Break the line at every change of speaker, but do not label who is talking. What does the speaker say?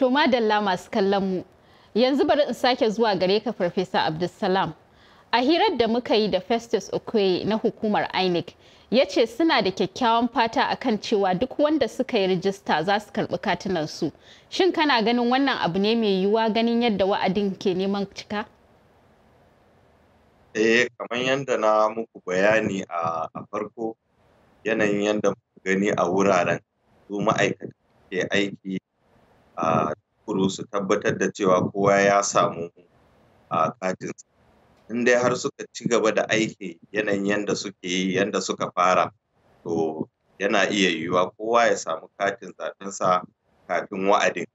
To madalla masu kallon mu yanzu bari in sake zuwa gare ka Farfesa Abdulsalam. A hirar da muka yi da Festus Okoye na hukumar INEC ya ce suna da kyakkyawan fata akan cewa duk wanda suka yi rijista za su karɓi su Shin kana ganin wannan abu ne mai yiwuwa ganin yadda wa'adin ke neman cika?
Eh kamar yadda na muku bayani a farko yanayin yadda muka gani a wuraren su ma'aikata ke aiki a kuru su tabbatar da cewa kowa ya samu katin in dai har suka ci gaba da aiki yanayin yadda suke yi yadda suka fara to yana iya yiwuwa kowa ya samu katin zaɓensa kafin wa'adin